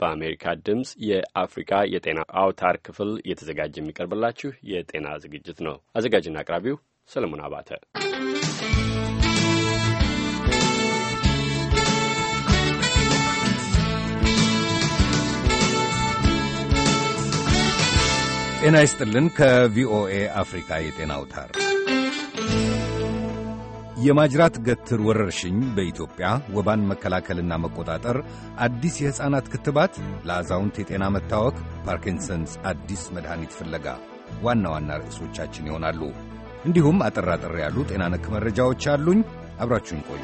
በአሜሪካ ድምፅ የአፍሪካ የጤና አውታር ክፍል እየተዘጋጀ የሚቀርብላችሁ የጤና ዝግጅት ነው። አዘጋጅና አቅራቢው ሰለሞን አባተ። ጤና ይስጥልን። ከቪኦኤ አፍሪካ የጤና አውታር የማጅራት ገትር ወረርሽኝ በኢትዮጵያ ወባን መከላከልና መቆጣጠር፣ አዲስ የሕፃናት ክትባት፣ ለአዛውንት የጤና መታወክ፣ ፓርኪንሰንስ አዲስ መድኃኒት ፍለጋ ዋና ዋና ርዕሶቻችን ይሆናሉ። እንዲሁም አጠር አጠር ያሉ ጤና ነክ መረጃዎች አሉኝ። አብራችሁን ቆዩ።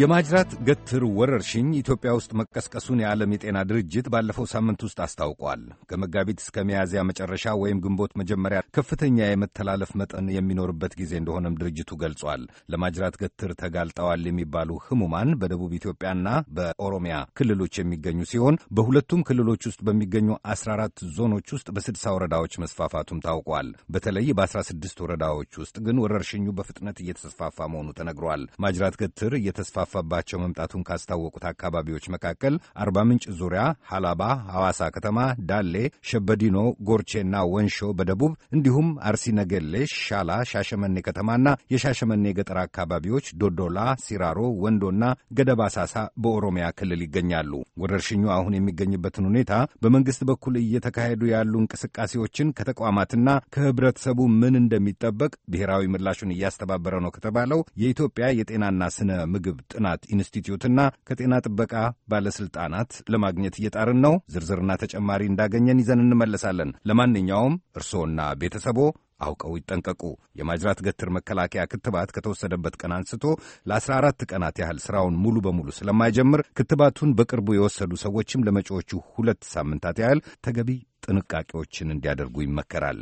የማጅራት ገትር ወረርሽኝ ኢትዮጵያ ውስጥ መቀስቀሱን የዓለም የጤና ድርጅት ባለፈው ሳምንት ውስጥ አስታውቋል። ከመጋቢት እስከ ሚያዝያ መጨረሻ ወይም ግንቦት መጀመሪያ ከፍተኛ የመተላለፍ መጠን የሚኖርበት ጊዜ እንደሆነም ድርጅቱ ገልጿል። ለማጅራት ገትር ተጋልጠዋል የሚባሉ ህሙማን በደቡብ ኢትዮጵያና በኦሮሚያ ክልሎች የሚገኙ ሲሆን በሁለቱም ክልሎች ውስጥ በሚገኙ 14 ዞኖች ውስጥ በስድሳ ወረዳዎች መስፋፋቱም ታውቋል። በተለይ በ16 ወረዳዎች ውስጥ ግን ወረርሽኙ በፍጥነት እየተስፋፋ መሆኑ ተነግሯል። ማጅራት ገትር እየተስፋ እየተስፋፋባቸው መምጣቱን ካስታወቁት አካባቢዎች መካከል አርባ ምንጭ ዙሪያ፣ ሐላባ፣ ሐዋሳ ከተማ፣ ዳሌ፣ ሸበዲኖ፣ ጎርቼና ወንሾ በደቡብ እንዲሁም አርሲ ነገሌ፣ ሻላ፣ ሻሸመኔ ከተማና የሻሸመኔ የገጠር አካባቢዎች፣ ዶዶላ፣ ሲራሮ፣ ወንዶና ገደባ ሳሳ በኦሮሚያ ክልል ይገኛሉ። ወረርሽኙ አሁን የሚገኝበትን ሁኔታ በመንግስት በኩል እየተካሄዱ ያሉ እንቅስቃሴዎችን ከተቋማትና ከህብረተሰቡ ምን እንደሚጠበቅ ብሔራዊ ምላሹን እያስተባበረ ነው ከተባለው የኢትዮጵያ የጤናና ስነ ምግብ ጥናት ኢንስቲትዩትና ከጤና ጥበቃ ባለስልጣናት ለማግኘት እየጣርን ነው። ዝርዝርና ተጨማሪ እንዳገኘን ይዘን እንመለሳለን። ለማንኛውም እርስዎና ቤተሰቦ አውቀው ይጠንቀቁ። የማጅራት ገትር መከላከያ ክትባት ከተወሰደበት ቀን አንስቶ ለ14 ቀናት ያህል ስራውን ሙሉ በሙሉ ስለማይጀምር ክትባቱን በቅርቡ የወሰዱ ሰዎችም ለመጪዎቹ ሁለት ሳምንታት ያህል ተገቢ ጥንቃቄዎችን እንዲያደርጉ ይመከራል።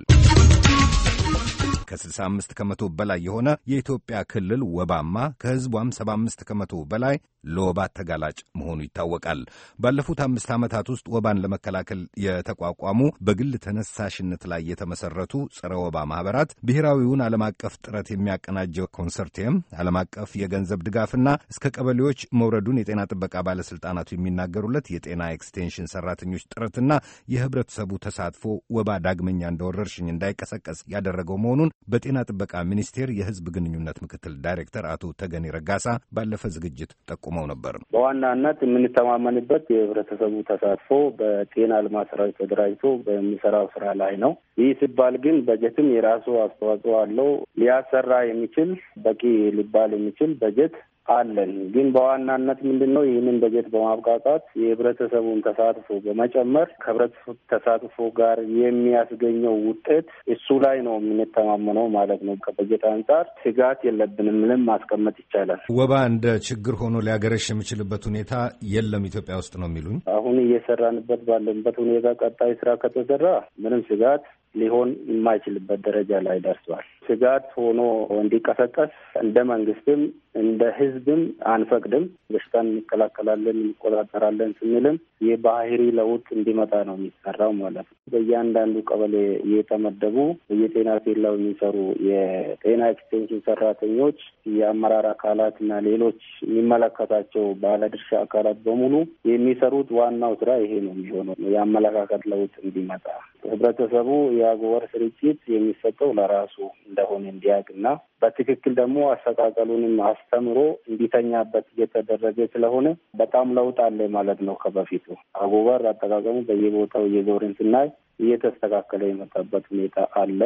ከ65 ከመቶ በላይ የሆነ የኢትዮጵያ ክልል ወባማ ከህዝቧም 75 ከመቶ በላይ ለወባ ተጋላጭ መሆኑ ይታወቃል። ባለፉት አምስት ዓመታት ውስጥ ወባን ለመከላከል የተቋቋሙ በግል ተነሳሽነት ላይ የተመሰረቱ ጸረ ወባ ማኅበራት ብሔራዊውን ዓለም አቀፍ ጥረት የሚያቀናጀው ኮንሰርቲየም ዓለም አቀፍ የገንዘብ ድጋፍና እስከ ቀበሌዎች መውረዱን የጤና ጥበቃ ባለሥልጣናቱ የሚናገሩለት የጤና ኤክስቴንሽን ሠራተኞች ጥረትና የህብረተሰቡ ተሳትፎ ወባ ዳግመኛ እንደ ወረርሽኝ እንዳይቀሰቀስ ያደረገው መሆኑን በጤና ጥበቃ ሚኒስቴር የህዝብ ግንኙነት ምክትል ዳይሬክተር አቶ ተገኔ ረጋሳ ባለፈ ዝግጅት ጠቁመው ነበር። በዋናነት የምንተማመንበት የህብረተሰቡ ተሳትፎ በጤና ልማት ስራ ተደራጅቶ በሚሰራው ስራ ላይ ነው። ይህ ሲባል ግን በጀትም የራሱ አስተዋጽኦ አለው። ሊያሰራ የሚችል በቂ ሊባል የሚችል በጀት አለን። ግን በዋናነት ምንድን ነው ይህንን በጀት በማብቃቃት የህብረተሰቡን ተሳትፎ በመጨመር ከህብረተሰቡ ተሳትፎ ጋር የሚያስገኘው ውጤት እሱ ላይ ነው የምንተማመነው ማለት ነው። ከበጀት አንጻር ስጋት የለብንም ብለን ማስቀመጥ ይቻላል። ወባ እንደ ችግር ሆኖ ሊያገረሽ የሚችልበት ሁኔታ የለም ኢትዮጵያ ውስጥ ነው የሚሉኝ። አሁን እየሰራንበት ባለንበት ሁኔታ ቀጣይ ስራ ከተሰራ ምንም ስጋት ሊሆን የማይችልበት ደረጃ ላይ ደርሷል። ስጋት ሆኖ እንዲቀሰቀስ እንደ መንግስትም እንደ ህዝብም አንፈቅድም። በሽታን እንከላከላለን፣ እንቆጣጠራለን ስንልም የባህሪ ለውጥ እንዲመጣ ነው የሚሰራው ማለት ነው። በእያንዳንዱ ቀበሌ የተመደቡ የጤና ኬላው የሚሰሩ የጤና ኤክስቴንሽን ሰራተኞች፣ የአመራር አካላት እና ሌሎች የሚመለከታቸው ባለድርሻ አካላት በሙሉ የሚሰሩት ዋናው ስራ ይሄ ነው የሚሆነው የአመለካከት ለውጥ እንዲመጣ ህብረተሰቡ የአጎበር ስርጭት የሚሰጠው ለራሱ እንደሆነ እንዲያውቅ እና በትክክል ደግሞ አሰቃቀሉንም አስተምሮ እንዲተኛበት እየተደረገ ስለሆነ በጣም ለውጥ አለ ማለት ነው ከበፊቱ። አጎበር አጠቃቀሙ በየቦታው እየዞርን ስናይ እየተስተካከለ የመጣበት ሁኔታ አለ።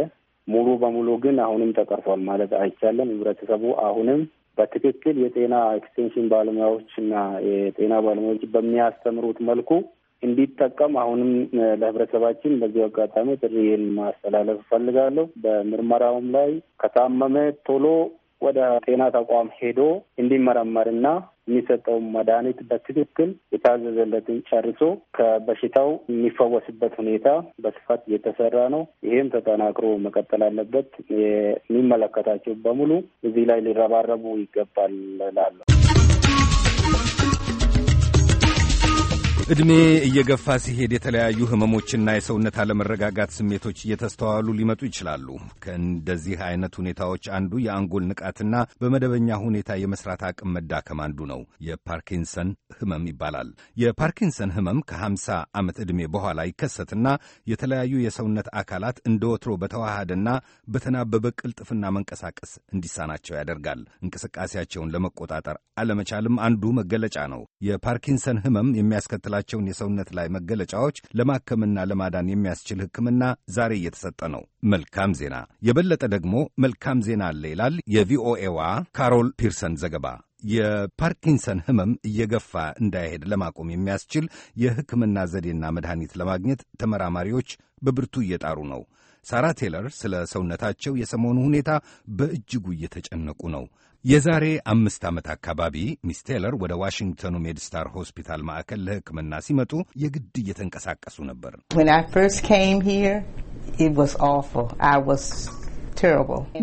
ሙሉ በሙሉ ግን አሁንም ተቀርፏል ማለት አይቻለም። ህብረተሰቡ አሁንም በትክክል የጤና ኤክስቴንሽን ባለሙያዎች እና የጤና ባለሙያዎች በሚያስተምሩት መልኩ እንዲጠቀም አሁንም ለህብረተሰባችን በዚህ አጋጣሚ ጥሪዬን ማስተላለፍ እፈልጋለሁ። በምርመራውም ላይ ከታመመ ቶሎ ወደ ጤና ተቋም ሄዶ እንዲመረመርና የሚሰጠው መድኃኒት በትክክል የታዘዘለትን ጨርሶ ከበሽታው የሚፈወስበት ሁኔታ በስፋት እየተሰራ ነው። ይህም ተጠናክሮ መቀጠል አለበት። የሚመለከታቸው በሙሉ እዚህ ላይ ሊረባረቡ ይገባል እላለሁ። ዕድሜ እየገፋ ሲሄድ የተለያዩ ህመሞችና የሰውነት አለመረጋጋት ስሜቶች እየተስተዋሉ ሊመጡ ይችላሉ። ከእንደዚህ አይነት ሁኔታዎች አንዱ የአንጎል ንቃትና በመደበኛ ሁኔታ የመስራት አቅም መዳከም አንዱ ነው። የፓርኪንሰን ህመም ይባላል። የፓርኪንሰን ህመም ከ50 ዓመት ዕድሜ በኋላ ይከሰትና የተለያዩ የሰውነት አካላት እንደ ወትሮ በተዋሃደና በተናበበ ቅልጥፍና መንቀሳቀስ እንዲሳናቸው ያደርጋል። እንቅስቃሴያቸውን ለመቆጣጠር አለመቻልም አንዱ መገለጫ ነው። የፓርኪንሰን ህመም የሚያስከትላ የምንላቸውን የሰውነት ላይ መገለጫዎች ለማከምና ለማዳን የሚያስችል ሕክምና ዛሬ እየተሰጠ ነው። መልካም ዜና። የበለጠ ደግሞ መልካም ዜና አለ ይላል የቪኦኤዋ ካሮል ፒርሰን ዘገባ። የፓርኪንሰን ህመም እየገፋ እንዳይሄድ ለማቆም የሚያስችል የሕክምና ዘዴና መድኃኒት ለማግኘት ተመራማሪዎች በብርቱ እየጣሩ ነው። ሳራ ቴለር ስለ ሰውነታቸው የሰሞኑ ሁኔታ በእጅጉ እየተጨነቁ ነው። የዛሬ አምስት ዓመት አካባቢ ሚስ ቴለር ወደ ዋሽንግተኑ ሜድስታር ሆስፒታል ማዕከል ለሕክምና ሲመጡ የግድ እየተንቀሳቀሱ ነበር።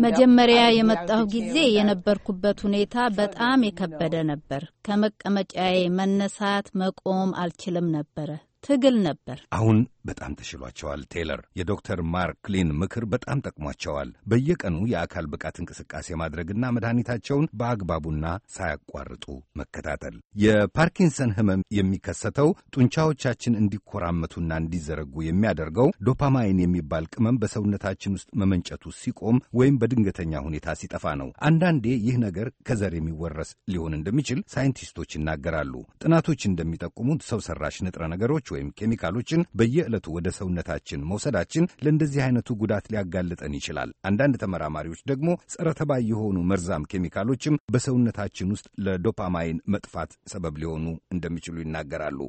መጀመሪያ የመጣሁ ጊዜ የነበርኩበት ሁኔታ በጣም የከበደ ነበር። ከመቀመጫዬ መነሳት፣ መቆም አልችልም ነበረ። ትግል ነበር። አሁን በጣም ተሽሏቸዋል። ቴለር የዶክተር ማርክ ሊን ምክር በጣም ጠቅሟቸዋል። በየቀኑ የአካል ብቃት እንቅስቃሴ ማድረግና መድኃኒታቸውን በአግባቡና ሳያቋርጡ መከታተል። የፓርኪንሰን ህመም የሚከሰተው ጡንቻዎቻችን እንዲኮራመቱና እንዲዘረጉ የሚያደርገው ዶፓማይን የሚባል ቅመም በሰውነታችን ውስጥ መመንጨቱ ሲቆም ወይም በድንገተኛ ሁኔታ ሲጠፋ ነው። አንዳንዴ ይህ ነገር ከዘር የሚወረስ ሊሆን እንደሚችል ሳይንቲስቶች ይናገራሉ። ጥናቶች እንደሚጠቁሙት ሰው ሰራሽ ንጥረ ነገሮች እጾች ወይም ኬሚካሎችን በየዕለቱ ወደ ሰውነታችን መውሰዳችን ለእንደዚህ አይነቱ ጉዳት ሊያጋልጠን ይችላል። አንዳንድ ተመራማሪዎች ደግሞ ጸረ ተባይ የሆኑ መርዛም ኬሚካሎችም በሰውነታችን ውስጥ ለዶፓማይን መጥፋት ሰበብ ሊሆኑ እንደሚችሉ ይናገራሉ።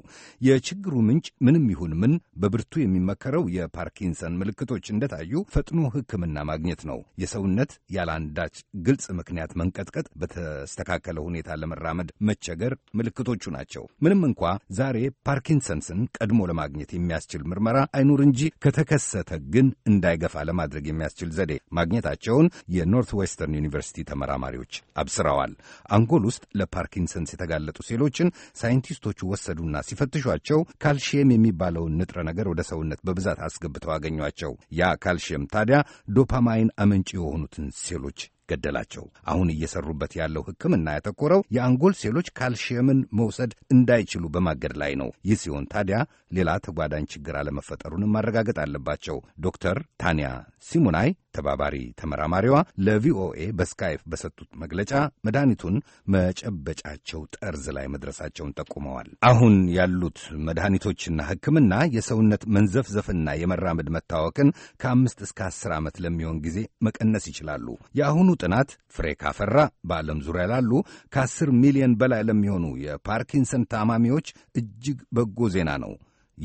የችግሩ ምንጭ ምንም ይሁን ምን በብርቱ የሚመከረው የፓርኪንሰን ምልክቶች እንደታዩ ፈጥኖ ሕክምና ማግኘት ነው። የሰውነት ያለአንዳች ግልጽ ምክንያት መንቀጥቀጥ፣ በተስተካከለ ሁኔታ ለመራመድ መቸገር ምልክቶቹ ናቸው። ምንም እንኳ ዛሬ ፓርኪንሰንስን ቀድሞ ለማግኘት የሚያስችል ምርመራ አይኑር እንጂ ከተከሰተ ግን እንዳይገፋ ለማድረግ የሚያስችል ዘዴ ማግኘታቸውን የኖርት ዌስተርን ዩኒቨርሲቲ ተመራማሪዎች አብስረዋል። አንጎል ውስጥ ለፓርኪንሰንስ የተጋለጡ ሴሎችን ሳይንቲስቶቹ ወሰዱና ሲፈትሿቸው ካልሽየም የሚባለውን ንጥረ ነገር ወደ ሰውነት በብዛት አስገብተው አገኟቸው። ያ ካልሽየም ታዲያ ዶፓማይን አመንጭ የሆኑትን ሴሎች ገደላቸው። አሁን እየሰሩበት ያለው ሕክምና ያተኮረው የአንጎል ሴሎች ካልሽየምን መውሰድ እንዳይችሉ በማገድ ላይ ነው። ይህ ሲሆን ታዲያ ሌላ ተጓዳኝ ችግር አለመፈጠሩንም ማረጋገጥ አለባቸው። ዶክተር ታንያ ሲሙናይ ተባባሪ ተመራማሪዋ ለቪኦኤ በስካይፕ በሰጡት መግለጫ መድኃኒቱን መጨበጫቸው ጠርዝ ላይ መድረሳቸውን ጠቁመዋል። አሁን ያሉት መድኃኒቶችና ሕክምና የሰውነት መንዘፍዘፍና የመራመድ መታወክን ከአምስት እስከ አስር ዓመት ለሚሆን ጊዜ መቀነስ ይችላሉ። የአሁኑ ጥናት ፍሬ ካፈራ በዓለም ዙሪያ ላሉ ከአስር ሚሊዮን በላይ ለሚሆኑ የፓርኪንሰን ታማሚዎች እጅግ በጎ ዜና ነው።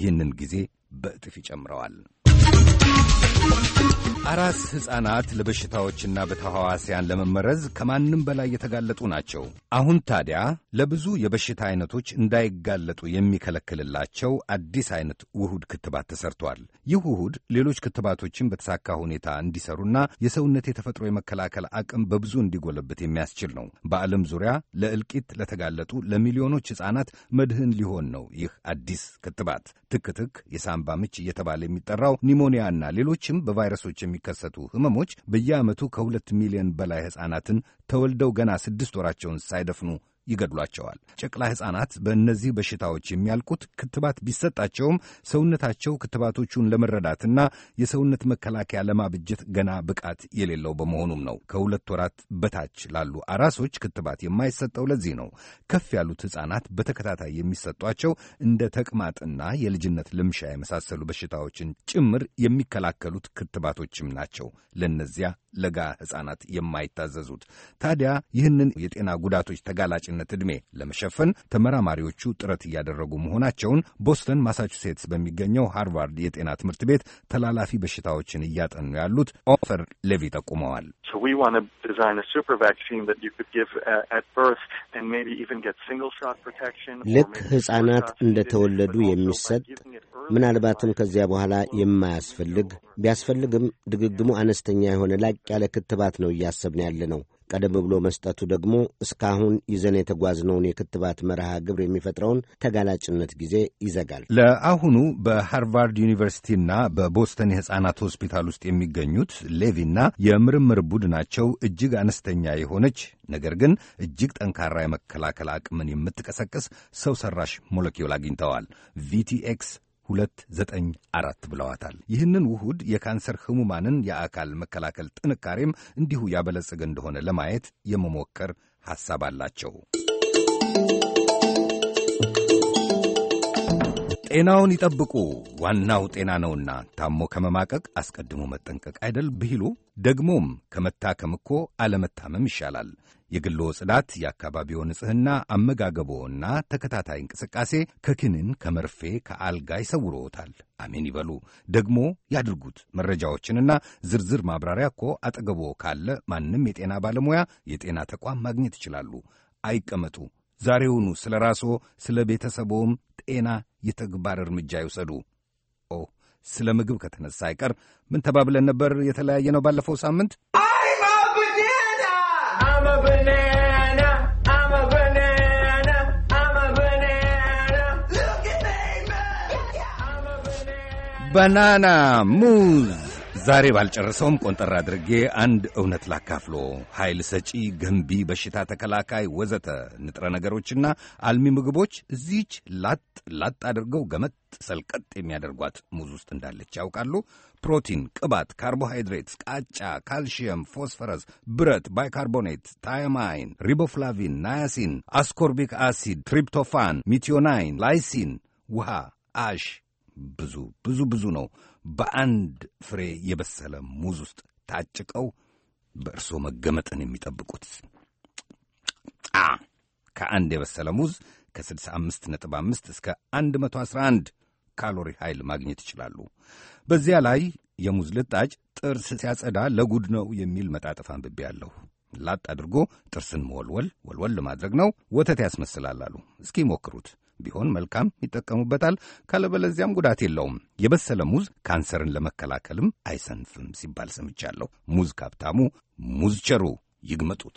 ይህንን ጊዜ በእጥፍ ይጨምረዋል። አራስ ሕፃናት ለበሽታዎችና በተሐዋስያን ለመመረዝ ከማንም በላይ የተጋለጡ ናቸው። አሁን ታዲያ ለብዙ የበሽታ አይነቶች እንዳይጋለጡ የሚከለክልላቸው አዲስ አይነት ውሁድ ክትባት ተሰርቷል። ይህ ውሁድ ሌሎች ክትባቶችን በተሳካ ሁኔታ እንዲሰሩና የሰውነት የተፈጥሮ የመከላከል አቅም በብዙ እንዲጎለብት የሚያስችል ነው። በዓለም ዙሪያ ለእልቂት ለተጋለጡ ለሚሊዮኖች ሕፃናት መድህን ሊሆን ነው። ይህ አዲስ ክትባት ትክትክ፣ የሳምባ ምች እየተባለ የሚጠራው ኒሞኒያና ሌሎች ሌሎችም በቫይረሶች የሚከሰቱ ህመሞች በየዓመቱ ከሁለት ሚሊዮን በላይ ሕፃናትን ተወልደው ገና ስድስት ወራቸውን ሳይደፍኑ ይገድሏቸዋል። ጨቅላ ሕፃናት በእነዚህ በሽታዎች የሚያልቁት ክትባት ቢሰጣቸውም ሰውነታቸው ክትባቶቹን ለመረዳትና የሰውነት መከላከያ ለማብጀት ገና ብቃት የሌለው በመሆኑም ነው። ከሁለት ወራት በታች ላሉ አራሶች ክትባት የማይሰጠው ለዚህ ነው። ከፍ ያሉት ሕፃናት በተከታታይ የሚሰጧቸው እንደ ተቅማጥና የልጅነት ልምሻ የመሳሰሉ በሽታዎችን ጭምር የሚከላከሉት ክትባቶችም ናቸው ለእነዚያ ለጋ ሕፃናት የማይታዘዙት። ታዲያ ይህንን የጤና ጉዳቶች ተጋላጭ የወጣትነት ዕድሜ ለመሸፈን ተመራማሪዎቹ ጥረት እያደረጉ መሆናቸውን ቦስተን ማሳቹሴትስ በሚገኘው ሃርቫርድ የጤና ትምህርት ቤት ተላላፊ በሽታዎችን እያጠኑ ያሉት ኦፈር ሌቪ ጠቁመዋል። uh, ልክ ሕፃናት እንደተወለዱ የሚሰጥ ምናልባትም ከዚያ በኋላ የማያስፈልግ ቢያስፈልግም ድግግሙ አነስተኛ የሆነ ላቅ ያለ ክትባት ነው እያሰብን ያለ ነው። ቀደም ብሎ መስጠቱ ደግሞ እስካሁን ይዘን የተጓዝነውን የክትባት መርሃ ግብር የሚፈጥረውን ተጋላጭነት ጊዜ ይዘጋል። ለአሁኑ በሃርቫርድ ዩኒቨርሲቲና በቦስተን የሕፃናት ሆስፒታል ውስጥ የሚገኙት ሌቪና የምርምር ቡድናቸው እጅግ አነስተኛ የሆነች ነገር ግን እጅግ ጠንካራ የመከላከል አቅምን የምትቀሰቅስ ሰው ሰራሽ ሞለኪውል አግኝተዋል ቪቲኤክስ 294 ብለዋታል። ይህንን ውሁድ የካንሰር ህሙማንን የአካል መከላከል ጥንካሬም እንዲሁ ያበለጸገ እንደሆነ ለማየት የመሞከር ሐሳብ አላቸው። ጤናውን ይጠብቁ፣ ዋናው ጤና ነውና። ታሞ ከመማቀቅ አስቀድሞ መጠንቀቅ አይደል ብሂሉ? ደግሞም ከመታከም እኮ አለመታመም ይሻላል። የግሎ ጽዳት፣ የአካባቢው ንጽህና አመጋገቦና ተከታታይ እንቅስቃሴ ከክንን ከመርፌ ከአልጋ ይሰውሮዎታል። አሜን ይበሉ ደግሞ ያድርጉት። መረጃዎችንና ዝርዝር ማብራሪያ እኮ አጠገቦ ካለ ማንም የጤና ባለሙያ የጤና ተቋም ማግኘት ይችላሉ። አይቀመጡ። ዛሬውኑ ስለ ራስዎ ስለ ቤተሰቦም ጤና የተግባር እርምጃ ይውሰዱ። ኦ ስለ ምግብ ከተነሳ አይቀር ምን ተባብለን ነበር? የተለያየ ነው ባለፈው ሳምንት I'm a banana. I'm a banana. I'm a banana. Look at me, banana. Banana ዛሬ ባልጨረሰውም ቆንጠር አድርጌ አንድ እውነት ላካፍሎ ኃይል ሰጪ፣ ገንቢ፣ በሽታ ተከላካይ ወዘተ ንጥረ ነገሮችና አልሚ ምግቦች እዚች ላጥ ላጥ አድርገው ገመጥ ሰልቀጥ የሚያደርጓት ሙዝ ውስጥ እንዳለች ያውቃሉ? ፕሮቲን፣ ቅባት፣ ካርቦሃይድሬትስ፣ ቃጫ፣ ካልሽየም፣ ፎስፈረስ፣ ብረት፣ ባይካርቦኔት፣ ታያማይን፣ ሪቦፍላቪን፣ ናያሲን፣ አስኮርቢክ አሲድ፣ ትሪፕቶፋን፣ ሚቲዮናይን፣ ላይሲን፣ ውሃ፣ አሽ ብዙ ብዙ ብዙ ነው። በአንድ ፍሬ የበሰለ ሙዝ ውስጥ ታጭቀው በእርሶ መገመጥን የሚጠብቁት አ ከአንድ የበሰለ ሙዝ ከ65.5 እስከ 111 ካሎሪ ኃይል ማግኘት ይችላሉ። በዚያ ላይ የሙዝ ልጣጭ ጥርስ ሲያጸዳ ለጉድ ነው የሚል መጣጥፍ አንብቤ ያለሁ። ላጥ አድርጎ ጥርስን መወልወል ወልወል ማድረግ ነው፣ ወተት ያስመስላል አሉ። እስኪ ሞክሩት። ቢሆን መልካም ይጠቀሙበታል፣ ካለበለዚያም ጉዳት የለውም። የበሰለ ሙዝ ካንሰርን ለመከላከልም አይሰንፍም ሲባል ሰምቻለሁ። ሙዝ ካብታሙ ሙዝ ቸሩ ይግመጡት።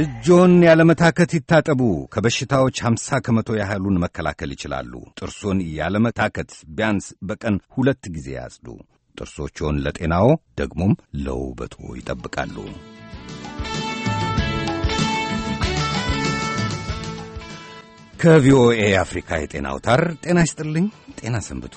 እጆን ያለመታከት ይታጠቡ። ከበሽታዎች 50 ከመቶ ያህሉን መከላከል ይችላሉ። ጥርሶን ያለመታከት ቢያንስ በቀን ሁለት ጊዜ ያጽዱ። ጥርሶችዎን ለጤናዎ ደግሞም ለውበቶ ይጠብቃሉ። ከቪኦኤ አፍሪካ የጤና አውታር ጤና ይስጥልኝ። ጤና ሰንብቱ።